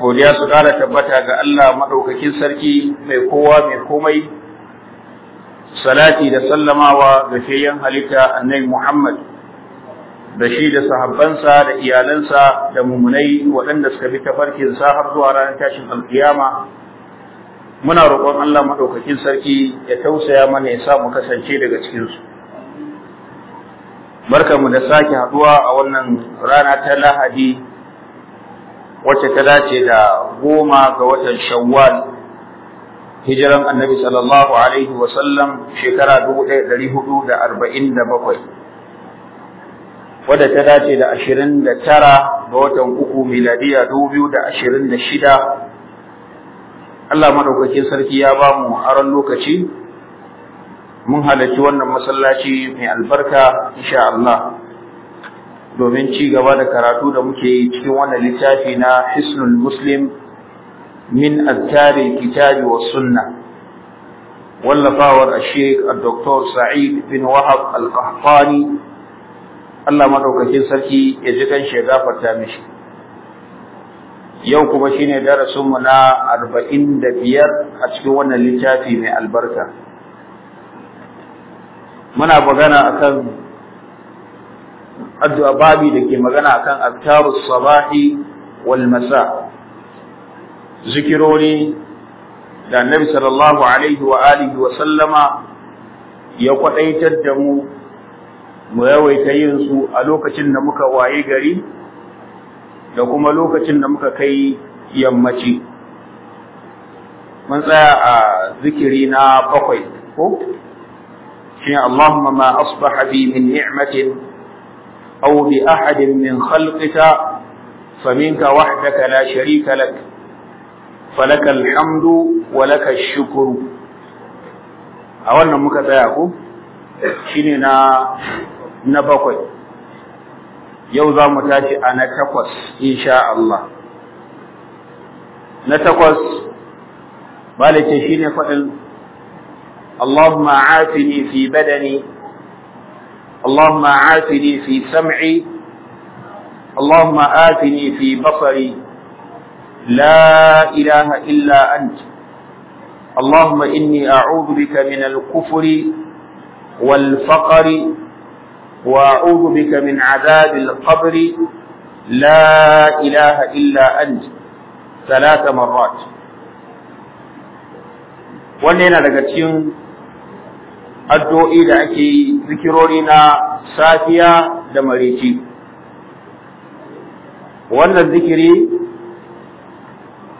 godiya su kara tabbata ga Allah maɗaukakin sarki mai kowa mai komai, salati da sallamawa ga fiyayyen halitta annai Muhammad, da shi da sahabbansa da iyalansa da mumunai waɗanda suka bi tafarkinsa har zuwa ranar tashin alkiyama. Muna roƙon Allah maɗaukakin sarki ya tausaya mana ya sa mu kasance daga cikinsu. Barkanmu da sake haɗuwa a wannan rana ta Lahadi wacce ta dace da goma ga watan shawwal hijiran annabi sallallahu alaihi wa sallam shekara 1447 wadda ta dace da 29 ga watan uku miladiya 2026 Allah madaukakin sarki ya ba mu aron lokaci mun halarci wannan masallaci mai albarka insha Allah domin ci gaba da karatu da muke yi cikin wannan littafi na Hisnul Muslim min Azkari Kitabi wa Sunna wallafawar Sheikh Dr. Sa'id bin Wahab Al-Qahtani Allah madaukakin sarki ya ji kan shi farta mishi yau kuma shine darasin mu na arba'in da biyar a cikin wannan littafi mai albarka muna magana akan addu'a babi da ke magana akan azkarus sabahi wal masa zikirori da annabi sallallahu alaihi wa alihi wa sallama ya kwadaitar da mu mu yawaita yin su a lokacin da muka waye gari da kuma lokacin da muka kai yammaci mun tsaya a zikiri na bakwai ko shi Allahumma ma asbaha bi min ni'matin أو بأحد من خلقك فمنك وحدك لا شريك لك فلك الحمد ولك الشكر أولا يقول شننا نبقي يوضا متاجي أنا تقوس إن شاء الله نتقوس بالتشين فإن اللهم عافني في بدني اللهم عافني في سمعي اللهم آتني في بصري لا إله إلا أنت اللهم إني أعوذ بك من الكفر والفقر وأعوذ بك من عذاب القبر لا إله إلا أنت ثلاث مرات wannan yana daga cikin addu'o'i da ake yi zikirori na safiya da mareci wannan zikiri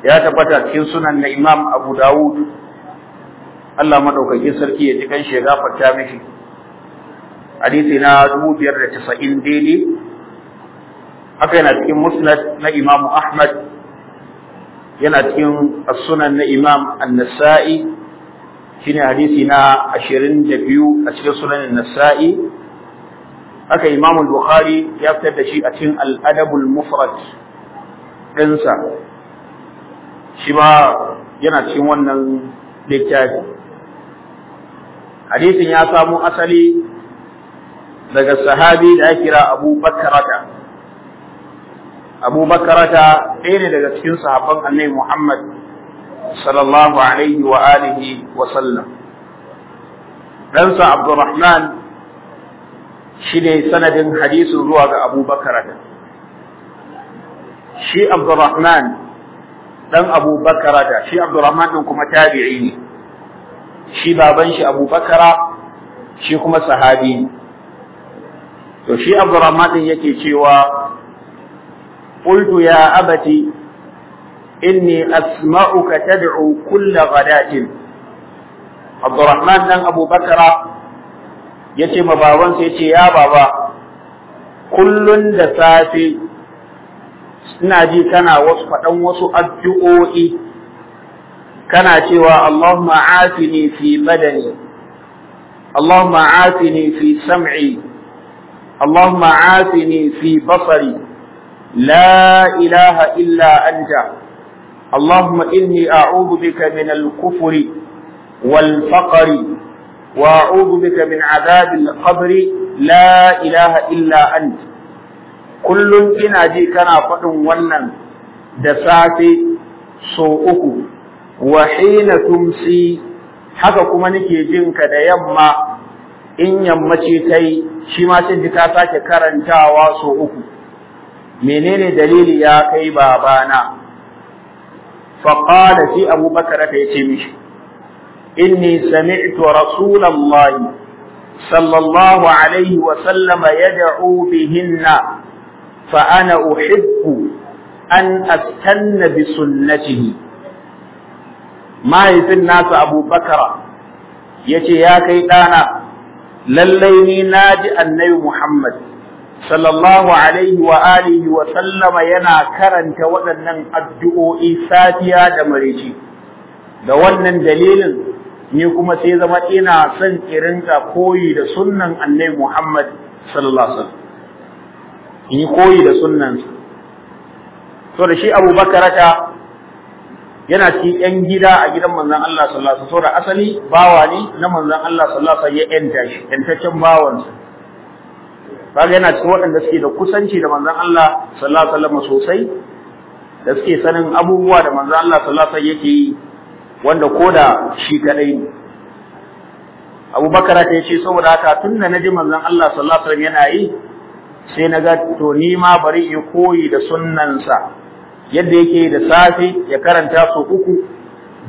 ya tabbata cikin sunan na imam abu dawud Allah maɗaukakin sarki ya ji kan shi gafarta mishi hadisi na 590 daidai haka yana cikin musnad na imam ahmad yana cikin sunan na imam an-nasa'i shine hadisi na ashirin da biyu a cikin sunan nasa'i haka imam bukhari ya fitar da shi a cikin al mufrad ɗinsa shi ma yana cikin wannan littafi hadisin ya samo asali daga sahabi da ya kira Abu Bakrata Abu Bakrata ɗaya ne daga cikin sahabban Annabi Muhammad صلى الله عليه وآله وسلم ننسى عبد الرحمن شيني سند حديث الرواق أبو بكر شي عبد الرحمن ɗan Abu Bakara da shi Abdurrahman ɗin kuma tabi'i ne, shi baban shi Abu Bakara shi kuma sahabi ne, to shi Abdurrahman ɗin yake cewa, ƙultu ya abati إني أسمعك تدعو كل غداة عبد الرحمن نان أبو بكر يتي مباوان سيتي يا بابا كل دسافي سنادي كان وصفة وصف الدعوئي كان تيوى اللهم عافني في بدني اللهم عافني في سمعي اللهم عافني في بصري لا إله إلا أنت اللهم إني أعوذ بك من الكفر والفقر وأعوذ بك من عذاب القبر لا إله إلا أنت كل إن أجيك أنا فأن ونن دساتي سوءك وحين تمسي حقك منك يجنك ديما إن da تي شما yammace kai shi ma منين دليل يا sake فقال في أبو بكر يتيمش إني سمعت رسول الله صلى الله عليه وسلم يدعو بهن فأنا أحب أن أستن بسنته ما يفي الناس أبو بكر يتي يا كيدانا لليني ناجي النبي محمد sallallahu alaihi wa alihi wa sallama yana karanta waɗannan addu'o'i safiya da mareci da wannan dalilin ni kuma sai zama ina son ka koyi da sunnan annabi Muhammad sallallahu alaihi ni yi koyi da sunnan to da shi Abu Bakarata yana ci yan gida a gidan manzon Allah sallallahu alaihi wasallam asali bawa ne na manzon Allah sallallahu alaihi wasallam ya yanta shi yantaccen bawansa kaga yana cikin waɗanda suke da kusanci da manzon Allah sallallahu alaihi wasallam sosai da suke sanin abubuwa da manzon Allah sallallahu alaihi wasallam yake yi wanda koda shi kadai ne Abu Bakar ta ce saboda haka tunda naji manzon Allah sallallahu alaihi wasallam yana yi sai na ga to ni ma bari in koyi da sunnansa yadda yake da safe ya karanta su uku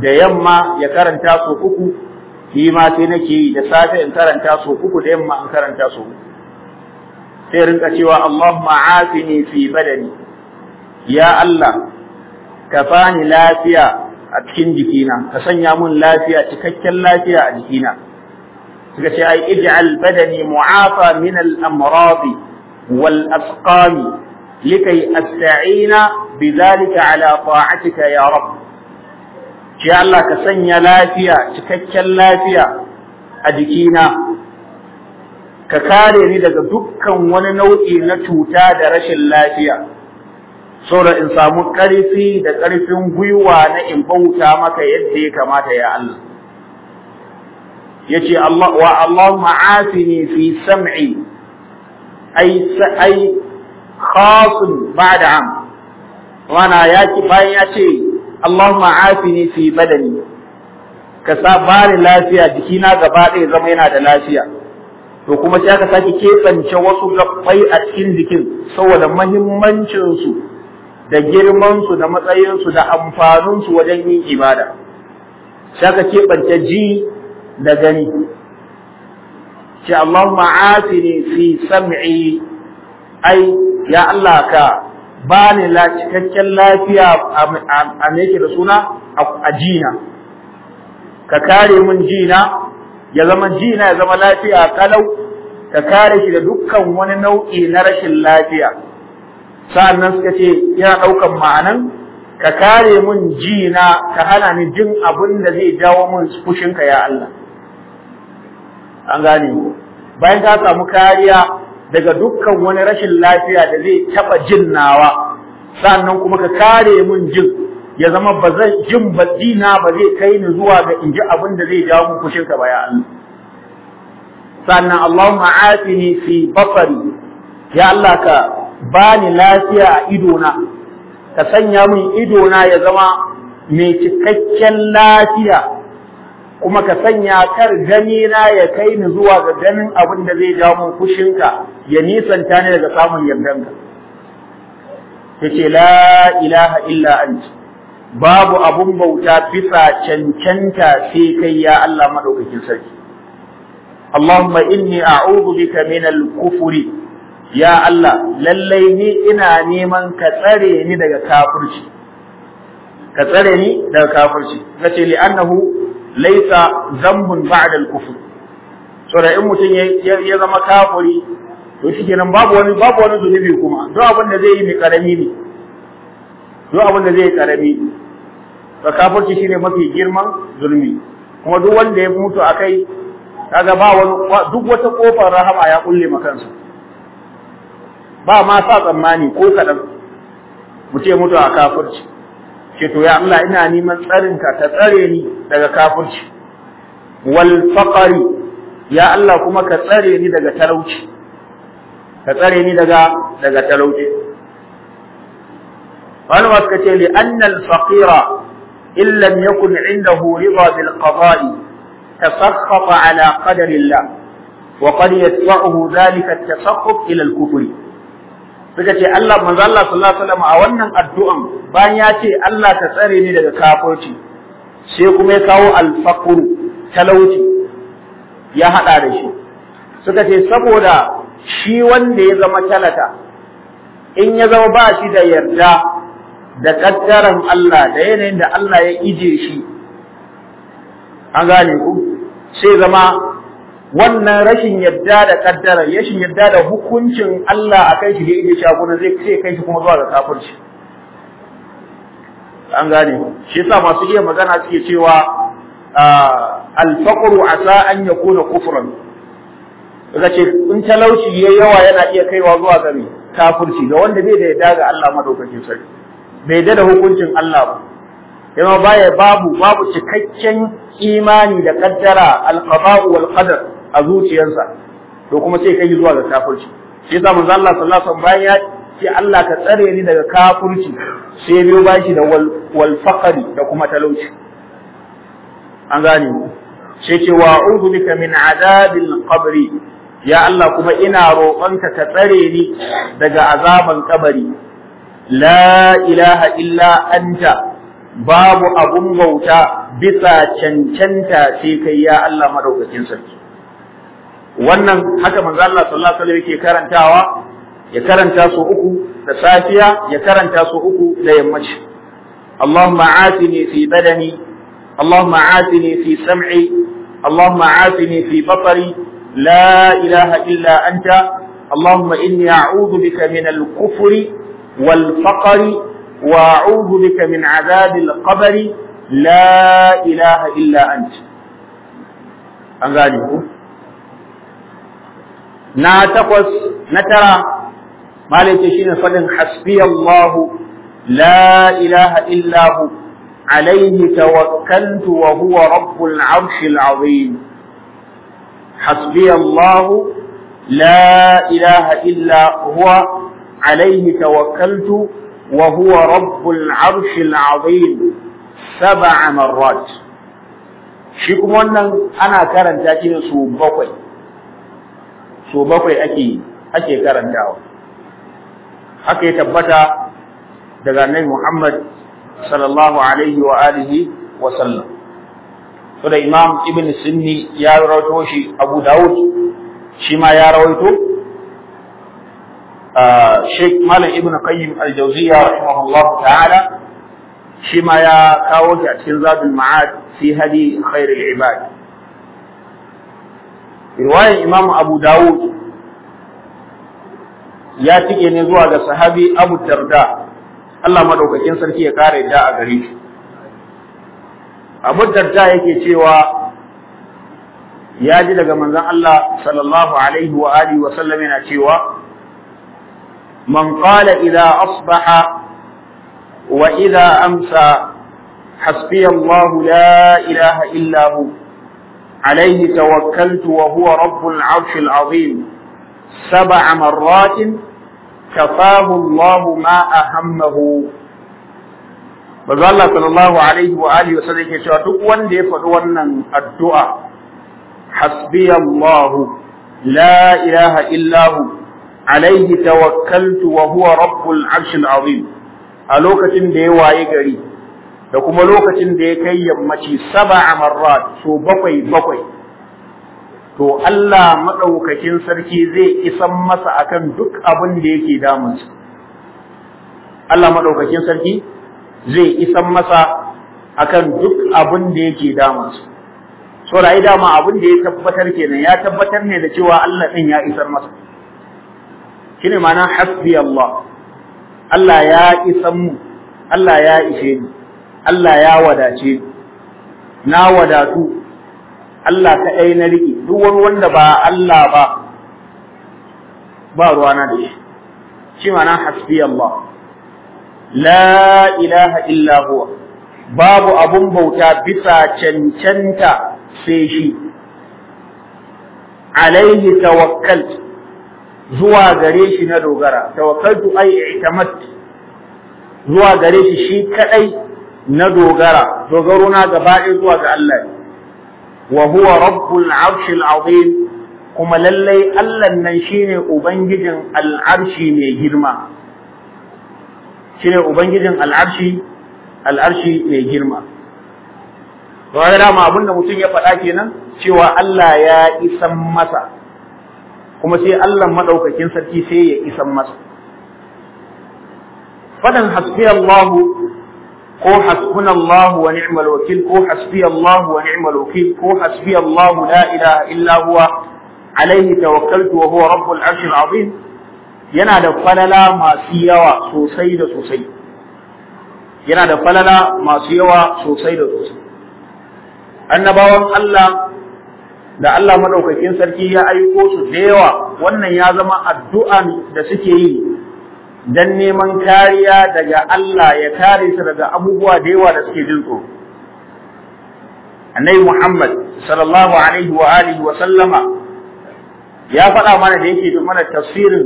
da yamma ya karanta su uku shi ma sai nake yi da safe in karanta su uku da yamma in karanta su uku sai rinka cewa Allahumma afini fi badani ya Allah ka bani lafiya a cikin jikina ka sanya mun lafiya cikakken lafiya a jikina suka ce ai ij'al badani mu'afa min al-amrad wal asqam likai asta'ina bidhalika ala ta'atika ya rabb ya Allah ka sanya lafiya cikakken lafiya a jikina ka kare ni daga dukkan wani nau'i na cuta da rashin lafiya saboda in samu ƙarfi da ƙarfin gwiwa na in bauta maka yadda ya kamata ya Allah yace Allah wa Allahumma afini fi sam'i ay ay khas ba'da am wana yaki bayan yace Allahumma afini fi badani ka sa bani lafiya jikina gaba ɗaya zama yana da lafiya to kuma sai aka sake keɓance wasu gaɓai a cikin jikin saboda mahimmancinsu da girmansu da matsayinsu da amfaninsu wajen yin ibada sai aka keɓance ji da gani ce Allahumma atini fi sam'i ai ya Allah ka bani la cikakken lafiya a me yake da suna a jina ka kare mun jina ya zama jina ya zama lafiya kalau ka kare shi da dukkan wani nau'i na rashin lafiya sa'annan suka ce yana ɗaukan ma'anan ka kare mun jina ka hana ni jin abin da zai jawo mun fushinka ya Allah an gane ku bayan ka samu kariya daga dukkan wani rashin lafiya da zai taɓa jin nawa sa'annan kuma ka kare mun jin ya zama ba zai jin baddina ba zai kai ni zuwa ga in ji abin da zai jawo muku shirka ba ya Allah sannan Allahumma atini fi basari ya Allah ka bani lafiya a idona ka sanya min idona ya zama mai cikakken lafiya kuma ka sanya kar gani na ya kai ni zuwa ga ganin abin da zai jawo min fushinka ya nisanta ni daga samun yardanka yace la ilaha illa anta babu abun bauta bisa cancanta sai kai ya Allah madaukakin sarki Allahumma inni a'udhu bika min al kufr ya Allah lallai ni ina neman ka tsare ni daga kafirci ka tsare ni daga kafirci kace li annahu laysa dhanbun ba'da al-kufr so da in mutum ya zama kafiri to shikenan babu wani babu wani zunubi kuma duk abin da zai yi mai karami ne duk abin da zai karami to kafirci shine mafi girman zulmi kuma duk wanda ya mutu a kai, kaga ba wani duk wata kofar rahama ya kulle makansu, ba ma sa tsammani ko kadan mu ce mutu a kafirci ke to ya Allah ina neman tsarinka ka tsare ni daga kafirci wal faqari ya Allah kuma ka tsare ni daga talauci ka tsare ni daga daga talauci malama suka ce li anna al-faqira in lam yakun indahu rida bil qada'i tasakhkhata ala qadari wa qad yatba'uhu dhalika at-tasakhkhut ila al suka ce Allah manzo Allah sallallahu a wannan addu'an bayan ya ce Allah ta tsare ni daga kafirci sai kuma ya kawo al-faqru talauci ya haɗa da shi suka ce saboda shi wanda ya zama talata in ya zama ba shi da yarda da kaddaran Allah da yanayin da Allah ya ije shi an gane ku sai zama wannan rashin yadda da kaddara rashin yadda da hukuncin Allah a kai shi da ije shi kuma zai sai kai shi kuma zuwa ga kafirci an gane shi yasa masu iya magana suke cewa al faqr asa an yakuna kufran kaga ce in talauci yayi yawa yana iya kaiwa zuwa ga kafirci ga wanda bai da yadda ga Allah madaukakin sarki bai dada hukuncin Allah ba yana baya babu babu cikakken imani da kaddara al-qada wal qadar a zuciyarsa to kuma sai kai zuwa ga kafirci Sai yasa manzo Allah sallallahu alaihi wasallam bayan ce Allah ka tsare ni daga kafirci sai biyo bashi da wal faqri da kuma talauci an gane mu sai ce wa a'udhu bika min azabil qabri ya Allah kuma ina roƙonka ka tsare ni daga azaban kabari la ilaha illa anta babu abun bauta bisa cancanta sai kai ya Allah madaukakin wannan haka manzo Allah sallallahu alaihi wasallam yake karantawa ya karanta su uku da safiya ya karanta su uku da yammaci Allahumma atini fi badani Allahumma atini fi sam'i Allahumma atini fi basari la ilaha illa anta Allahumma inni a'udhu bika min al والفقر وأعوذ بك من عذاب القبر لا إله إلا أنت أنغانيه na takwas na tara malaita shine fadin hasbiyallahu la ilaha illa hu alayhi tawakkaltu wa huwa rabbul arshil azim hasbiyallahu la ilaha illa huwa عليه توكلت وهو رب العرش العظيم سبع مرات shi kuma wannan ana karanta shi su bakwai su bakwai ake ake karantawa haka tabbata daga annabi Muhammad sallallahu alaihi wa alihi wa sallam to da Imam Ibn Sunni ya rawaito shi Abu Da'ud shi ma ya rawaito Sheikh Malam Ibn Qayyim Al-Jawziyya rahimahullahu ta'ala shi ma ya kawo shi a cikin Zadul Ma'ad fi hadi khairul ibad. Riwayar Imam Abu Dawud ya tike ne zuwa ga sahabi Abu Darda Allah madaukakin sarki ya kare da a gare shi. Abu Darda yake cewa ya ji daga manzon Allah sallallahu alaihi wa alihi wa sallam yana cewa من قال إذا أصبح وإذا أمسى حسبي الله لا إله إلا هو عليه توكلت وهو رب العرش العظيم سبع مرات كفاه الله ما أهمه بذل الله صلى الله عليه وآله وسلم شاتقوا لفضونا الدعاء حسبي الله لا إله إلا هو alaihi tawakkaltu wa huwa rabbul arshil azim a lokacin da ya waye gari da kuma lokacin da ya kai yammaci sab'a marrat so bakwai bakwai to Allah maɗaukakin sarki zai isan masa akan duk abin da yake damunsa Allah maɗaukakin sarki zai isan masa akan duk abin da yake damunsa so da ai dama abin da ya tabbatar kenan ya tabbatar ne da cewa Allah ɗin ya isan masa shine ma'ana hasbi Allah Allah ya isan mu Allah ya ishe ni Allah ya wadace na wadatu Allah ka ɗai na riƙe duk wanda ba Allah ba ba ruwana da shi shi ma'ana hasbi Allah la ilaha illa huwa babu abun bauta bisa cancanta sai shi alaihi tawakkal zuwa gare shi na dogara tawakkaltu ai i'tamat zuwa gare shi shi kadai na dogara dogaro na gaba ɗaya zuwa ga Allah wa huwa rabbul arshil azim kuma lallai Allah nan shine ubangijin al'arshi mai girma shine ubangijin al'arshi al'arshi mai girma to ga dama abinda mutum ya faɗa kenan cewa Allah ya isan masa kuma sai Allah maɗaukakin sarki sai ya isan masa fadan hasbi Allah ko hasbuna Allah wa ni'mal wakil ko hasbi Allah wa ni'mal wakil ko hasbi Allah la ilaha illa huwa alaihi tawakkaltu wa huwa rabbul arshil azim yana da falala masu yawa sosai da sosai yana da falala masu yawa sosai da sosai annabawan Allah da Allah madaukakin sarki ya aiko su da yawa wannan ya zama addu'an da suke yi dan neman kariya daga Allah ya kare su daga abubuwa da yawa da suke jin tsoro annabi Muhammad sallallahu alaihi wa alihi wa sallama ya faɗa mana da yake da mana tafsirin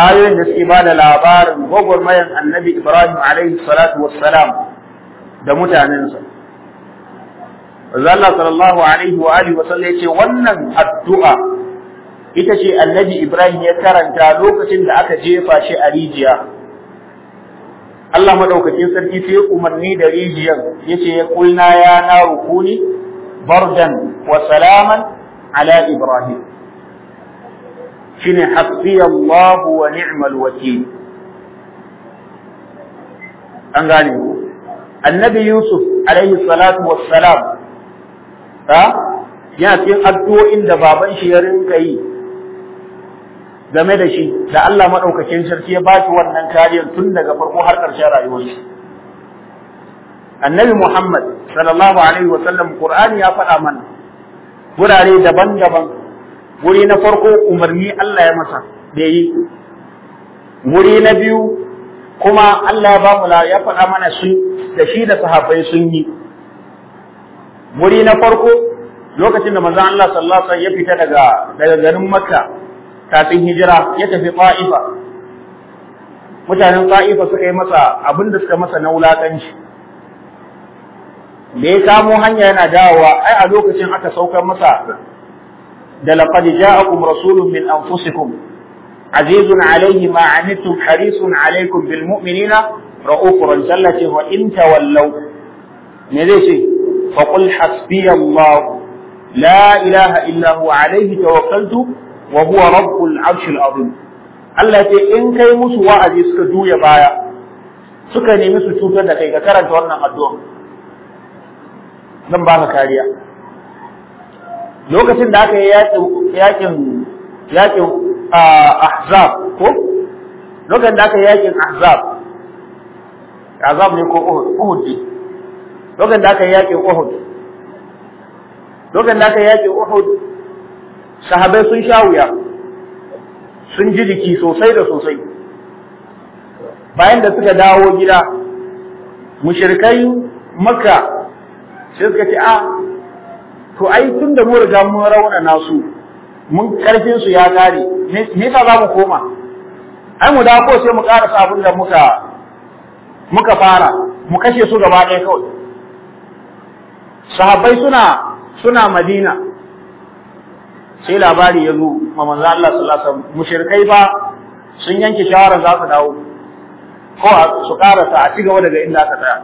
ayoyin da suke bada labarin gwagwarmayan annabi Ibrahim alaihi salatu wassalam da mutanensa manzo Allah sallallahu alaihi wa alihi wasallam yace wannan addu'a ita ce annabi Ibrahim ya karanta lokacin da aka jefa shi a rijiya Allah madaukakin sarki sai ya umarni da rijiyan yace ya kulna ya naru kuni bardan wa salaman ala Ibrahim shine hasbi Allah wa ni'mal wakil an gane annabi Yusuf alaihi salatu wassalam ha yana cikin addu'o'in da baban shi ya rinka yi game da shi da Allah madaukakin sarki ya ba shi wannan kariyar tun daga farko har ƙarshen rayuwar shi annabi Muhammad sallallahu alaihi wa sallam Qur'ani ya faɗa mana gurare daban-daban guri na farko umarni Allah ya masa da yi guri na biyu kuma Allah ya ba mu ya faɗa mana sun da shi da sahabbai sun yi wuri na farko lokacin da manzon Allah sallallahu alaihi wasallam ya fita daga daga garin Makka kafin hijira ya tafi Ta'ifa mutanen Ta'ifa suka yi masa abin da suka masa na wulakanci Me ya kamo hanya yana dawowa ai a lokacin aka saukar masa da laqad ja'akum rasulun min anfusikum azizun alayhi ma anittum harisun alaykum bil mu'minina ra'ufur jallati wa in me zai ce فقل حسبي الله لا إله إلا هو عليه توكلت وهو رب العرش العظيم Allah ce in kai musu wa'azi suka juya baya suka nemi su cutar da kai ka karanta wannan addu'a zan baka kariya lokacin da aka yi yakin yakin ahzab ko lokacin da aka yi yakin ahzab ahzab ne ko uhud uhud lokacin da aka yi yaƙin Uhud lokacin da aka yi yaƙin Uhud sahabai sun sha wuya sun ji jiki sosai da sosai bayan da suka dawo gida mushrikai makka sai suka ce a ah, to ai tun da mu riga mun rauna nasu mun karfin ya kare me za mu koma ai mu dawo ko sai mu ƙara abin da muka muka fara mu kashe su gaba ɗaya kawai sahabbai suna suna madina sai labari ya zo ma manzo Allah sallallahu alaihi wasallam mushrikai ba sun yanke shawara za su dawo ko su karasa a cigaba daga inda aka tsaya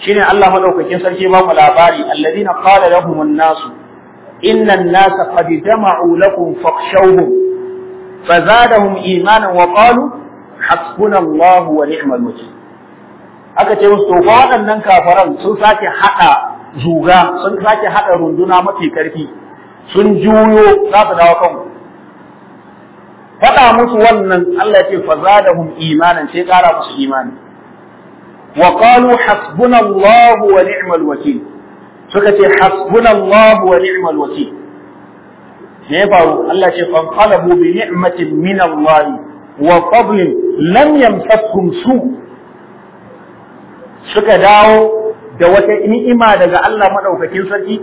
shine Allah madaukakin sarki ba mu labari alladina qala lahum an-nasu inna an-nasa qad jama'u lakum fakhshawhum fazadahum imanan wa qalu hasbunallahu wa ni'mal wakeel aka ce musu to waɗannan kafaran sun sake haɗa zuga sun sake haɗa runduna mafi ƙarfi sun juyo za su dawo kanmu. faɗa musu wannan Allah ce fa zadahum imanan sai ƙara musu imani wa qalu hasbunallahu wa ni'mal wakil suka ce hasbunallahu wa ni'mal wakil me ya faru Allah ce fan qalabu bi ni'matin min Allah wa fadlin lam yamsakhum su' suka dawo da wata ni'ima daga Allah madaukakin sarki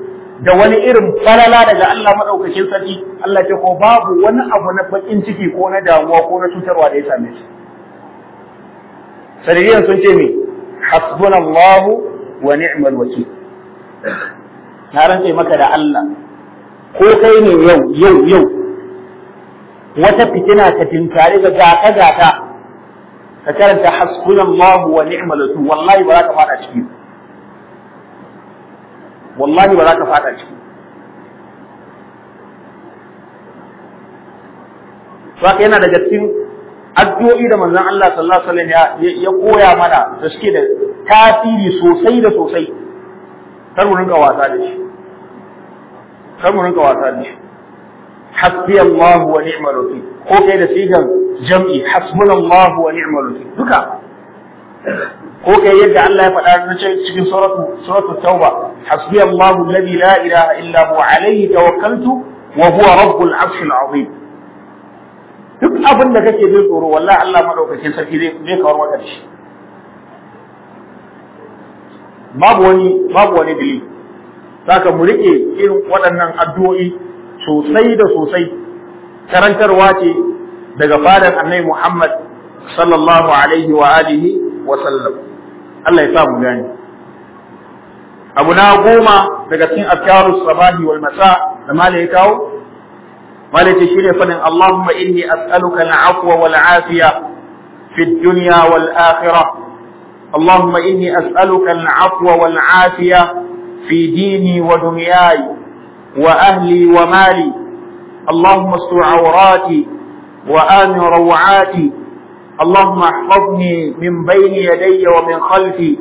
da wani irin falala daga Allah madaukakin sarki Allah ce ko babu wani abu na bakin ciki ko na damuwa ko na cutarwa da ya same shi saririyan sun ce me hasbunallahu wa ni'mal wakil na rantse maka da Allah ko kai ne yau yau yau wata fitina ta tinkari ga gata gata ka karanta hasbunallahu wa ni'mal wakil wallahi ba za ka fada ciki wallahi ba za ka fada ciki Saka yana daga cikin addu'o'i da manzon Allah sallallahu alaihi wasallam ya koya mana da suke da tasiri sosai da sosai kar mu rinka wasa da shi kar mu rinka wasa da shi حسبي الله ونعم الوكيل ko kai da sigan jam'i hasbunallahu wa ni'mal wakeel duka ko kai yadda Allah ya faɗa na cikin suratu suratu tauba hasbiyallahu alladhi la ilaha illa huwa alayhi wa huwa duk abin da kake bin tsoro wallahi Allah madaukakin sarki zai zai kawar maka da shi babu wani babu wani dalili saka mu rike irin waɗannan addu'o'i sosai da sosai karantarwa ce daga fadar annabi Muhammad sallallahu alaihi wa alihi wa sallam Allah ya sa mu gani abu na goma daga cikin afkarus sabahi wal masa da malai kawo malai ce shine fadin Allahumma inni as'aluka al-afwa wal afiya fi dunya wal akhirah Allahumma inni as'aluka al-afwa wal afiya fi dini wa dunyayi وأهلي ومالي اللهم استر عوراتي وآمن روعاتي اللهم احفظني من بين يدي ومن خلفي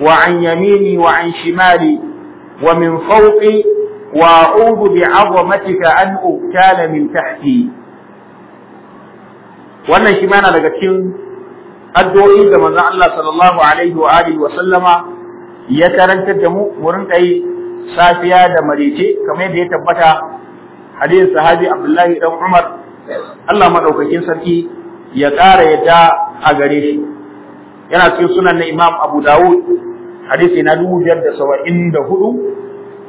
وعن يميني وعن شمالي ومن فوقي وأعوذ بعظمتك أن أبتال من تحتي وأنا shi mana الدوري cikin الله صلى الله عليه وآله وسلم يترنت الدمو ورنت أي safiya da marice kamar yadda ya tabbata hadisin sahabi Abdullahi dan Umar Allah madaukakin sarki ya ƙara yadda a gare shi yana cikin sunan na Imam Abu Dawud hadisi na hudu.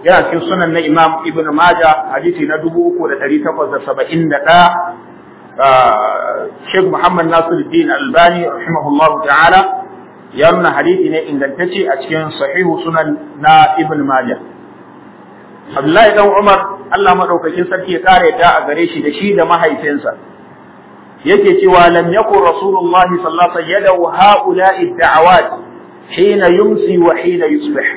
yana cikin sunan na Imam Ibn Maja, hadisi na ɗaya. Ah, Sheikh Muhammad Nasiruddin Albani rahimahullahu ta'ala ya nuna hadisi ne ingantacce a cikin sahihu sunan na Ibn Majah Abdullahi dan Umar Allah madaukakin sarki ya kare ta a gare shi da shi da mahaifinsa yake cewa lam yakun Rasulullah sallallahu alaihi wasallam yadau haula'i da'awat hina yumsi wa hina yusbih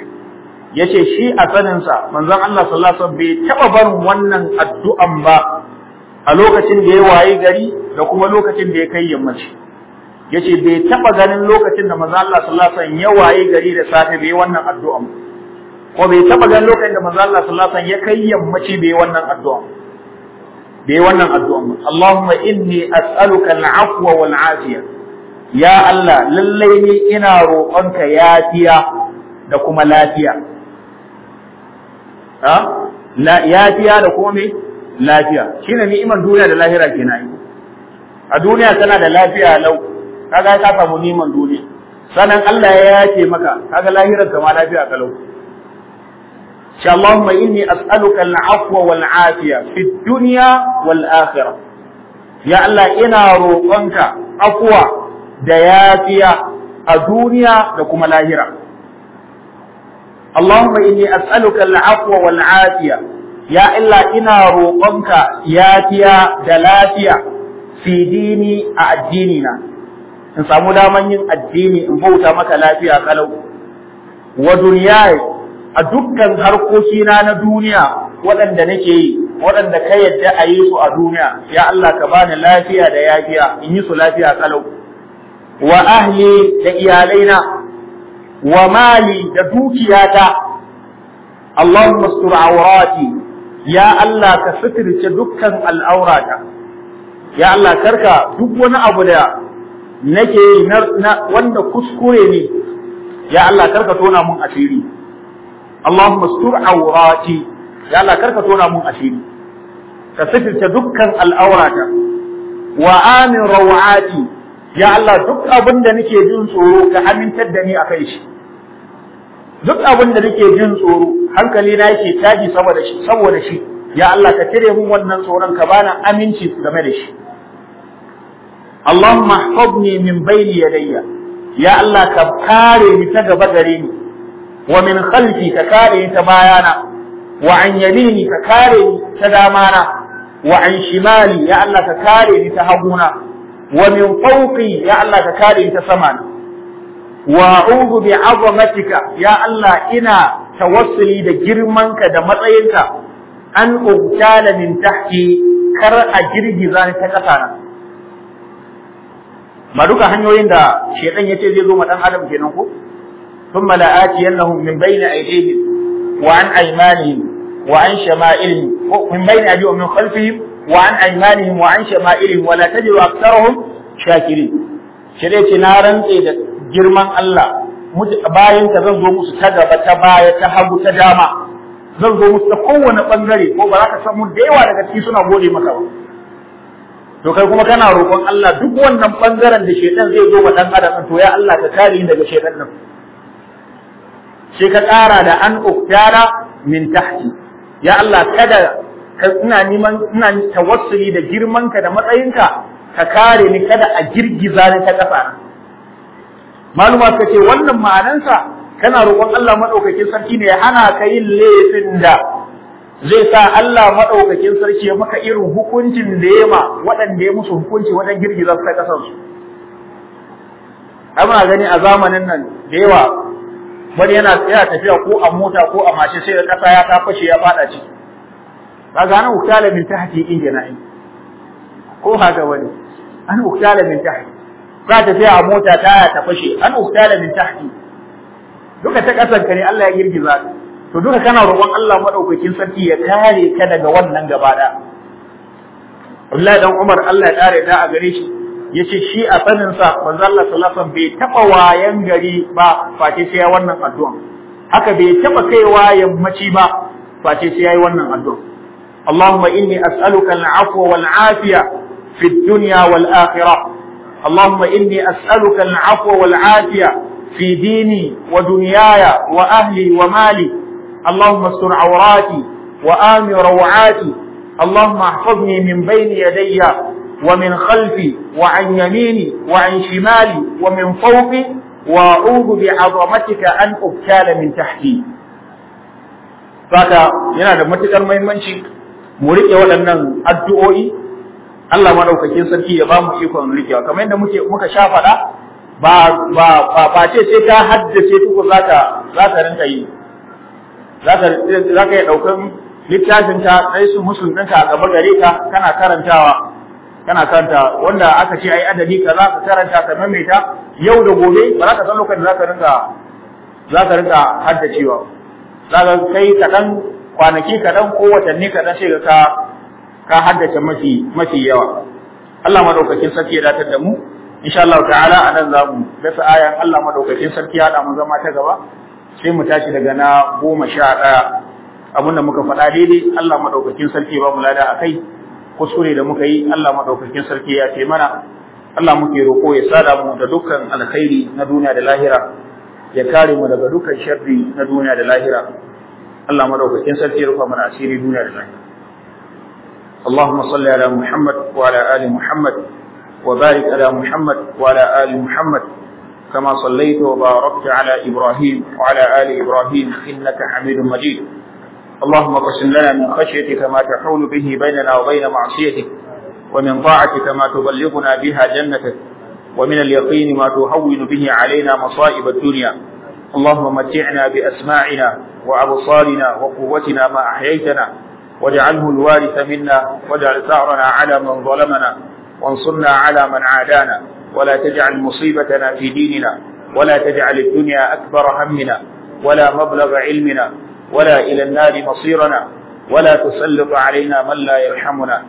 yace shi a sanin sa manzon Allah sallallahu alaihi wasallam bai taba barin wannan addu'an ba a lokacin da ya waye gari da kuma lokacin da ya kai yammaci yace bai taba ganin lokacin da manzon Allah sallallahu alaihi wasallam ya wayi gari da safe bai wannan addu'an ba ko bai taba gan lokacin da manzo Allah sallallahu alaihi wasallam ya kai yammaci bai wannan addu'a bai wannan addu'a Allahumma inni as'aluka al-afwa wal afiya ya Allah lallai ni ina roƙonka yafiya da kuma lafiya ha yafiya da kuma me lafiya shine ni'imar duniya da lahira kenan a duniya tana da lafiya lau kaga ka samu ni'imar duniya sanan Allah ya yace maka kaga lahirar ka ma lafiya kalau ce Allahumma inni as'aluka al-afwa wal afiya fi duniya wal ya Allah ina roƙonka afwa da yafiya a duniya da kuma lahira allah inni as'aluka al-afwa walafiya afiya ya Allah ina roƙonka yafiya da lafiya fi dini a addinina in samu daman yin addini in bauta maka lafiya kalau wa dunyaye a dukkan harkokina na duniya waɗanda nake yi waɗanda ka yadda a yi su a duniya ya Allah ka bani lafiya da yafiya in yi su lafiya salau. wa ahli da iyalaina wa mali da dukiyata Allahumma astur awrati ya Allah ka suturce dukkan al'aurata ya Allah karka duk wani abu da nake yi wanda kuskure ne ya Allah karka tona mun asiri Allahumma stur awrati ya Allah karka tona mun asiri ka sifirce dukkan al'aurata wa amin rawati ya Allah duk abin da jin tsoro ka amintar da ni akai shi duk abin da jin tsoro hankali na yake taji saboda shi saboda ya Allah ka cire min wannan tsoron ka bana aminci game da shi Allah Allahumma ne min bayni yadayya ya Allah ka kare ni ta gaba gare ni wa min khalfi ka kare ni ta bayana wa an yamini ka kare ni ta damana wa an shimali ya Allah ka kare ni ta haguna wa min fawqi ya Allah ka kare ni ta samana wa a'udhu bi 'azamatika ya Allah ina tawasili da girmanka da matsayinka an ubtala min tahti kar a girgiza ni ta kasa na ma duka hanyoyin da shedan yace zai zo ma dan adam kenan ko ثم لآتينهم من بين أيديهم وعن أيمانهم وعن شمائلهم من بين أيديهم ومن خلفهم وعن أيمانهم وعن شمائلهم ولا تجد أكثرهم شاكرين شريت نارا إذا جرمان الله bayan ka zan zo musu ta gaba ta baya ta dama zan zo musu da kowane bangare ko ba za ka samu da yawa daga ciki suna gode maka ba to kai kuma kana roƙon Allah duk wannan bangaren da shedan zai zo ba dan adam to ya Allah ka kare ni daga shedan nan sai ka ƙara da an uktara min tahti ya Allah kada ina neman ina tawassuli da girmanka da matsayinka ka kare ni kada a girgiza ni ta kafa maluma ka ce wannan ma'anansa kana roƙon Allah madaukakin sarki ne ya hana ka yin laifin da zai sa Allah madaukakin sarki ya maka irin hukuncin da ya ma waɗanda ya musu hukunci wajen girgiza su ta kasansu. Amma gani a zamanin nan da yawa wani yana yana tafiya ko a mota ko a mashin sai da kasa ya ta fashe ya fada Ba kaga nan uktala min tahti injina in ko haga wani an uktala min tahti ka tafiya a mota ta ta fashe an uktala min tahti duka ta kasan ka ne Allah ya girgiza ka to duka kana roƙon Allah madaukakin sarki ya kare ka daga wannan gaba da Abdullahi dan Umar Allah ya kare ta a gare shi yace shi a sanin sa manzalla sallallahu alaihi wasallam bai taba wayan gari ba face sai ya wannan addu'a haka bai taba kai wayan yammaci ba face sai yayi wannan addu'a Allahumma inni as'aluka al-afwa wal afiya fi ad dunya wal akhirah Allahumma inni as'aluka al-afwa wal afiya fi dini wa dunyaya wa ahli wa mali Allahumma astur 'awrati wa amir روعاتي Allahumma احفظني min bayni yadayya wa خلفي وعن يميني وعن شمالي wa فوقي وأعوذ بعظمتك أن أبتال من تحتي فاتا yana da matukar muhimmanci mu rike waɗannan addu'o'i Allah madaukakin sarki ya ba mu ikon rikewa kamar yadda muke muka sha faɗa ba ce sai ka haddace tuku zaka zaka rinka yi zaka zaka yi daukan littafin ka sai gaba gare ka kana karantawa kana karanta wanda aka ce ai adadi kaza ka karanta ka maimaita yau da gobe ba za ka san lokacin da ka rinka ka rinka haddacewa ka kai kaɗan kwanaki kadan ko watanni kadan sai ka ka haddace mafi mafi yawa Allah madaukakin sarki ya datar da mu insha Allah ta'ala anan zamu dasa ayan Allah madaukakin sarki ya da mu zama ta gaba sai mu tashi daga na goma sha ɗaya abinda muka faɗa daidai Allah madaukakin sarki ba mu lada a kai kuskure da muka yi Allah madaukakin sarki ya ce mana Allah muke roƙo ya sada mu da dukkan alkhairi na duniya da lahira ya kare mu daga dukkan sharri na duniya da lahira Allah madaukakin sarki ya rufa mana asiri duniya da lahira اللهم صل على محمد وعلى آل محمد وبارك على محمد وعلى آل محمد كما صليت وباركت على إبراهيم وعلى آل إبراهيم إنك حميد مجيد اللهم اقسم لنا من خشيتك ما تحول به بيننا وبين معصيتك ومن طاعتك ما تبلغنا بها جنتك ومن اليقين ما تهون به علينا مصائب الدنيا اللهم متعنا بأسماعنا وأبصارنا وقوتنا ما أحييتنا واجعله الوارث منا واجعل ثأرنا على من ظلمنا وانصرنا على من عادانا ولا تجعل مصيبتنا في ديننا ولا تجعل الدنيا أكبر همنا ولا مبلغ علمنا ولا إلى النار مصيرنا ولا تسلط علينا من لا يرحمنا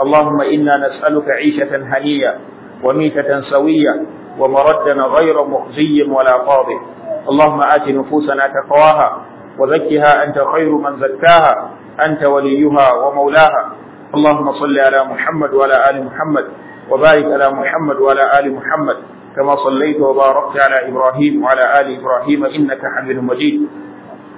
اللهم إنا نسألك عيشة هنية وميتة سوية ومردنا غير مخزي ولا قاضي اللهم آت نفوسنا تقواها وزكها أنت خير من زكاها أنت وليها ومولاها اللهم صل على محمد وعلى آل محمد وبارك على محمد وعلى آل محمد كما صليت وباركت على إبراهيم وعلى آل إبراهيم إنك حميد مجيد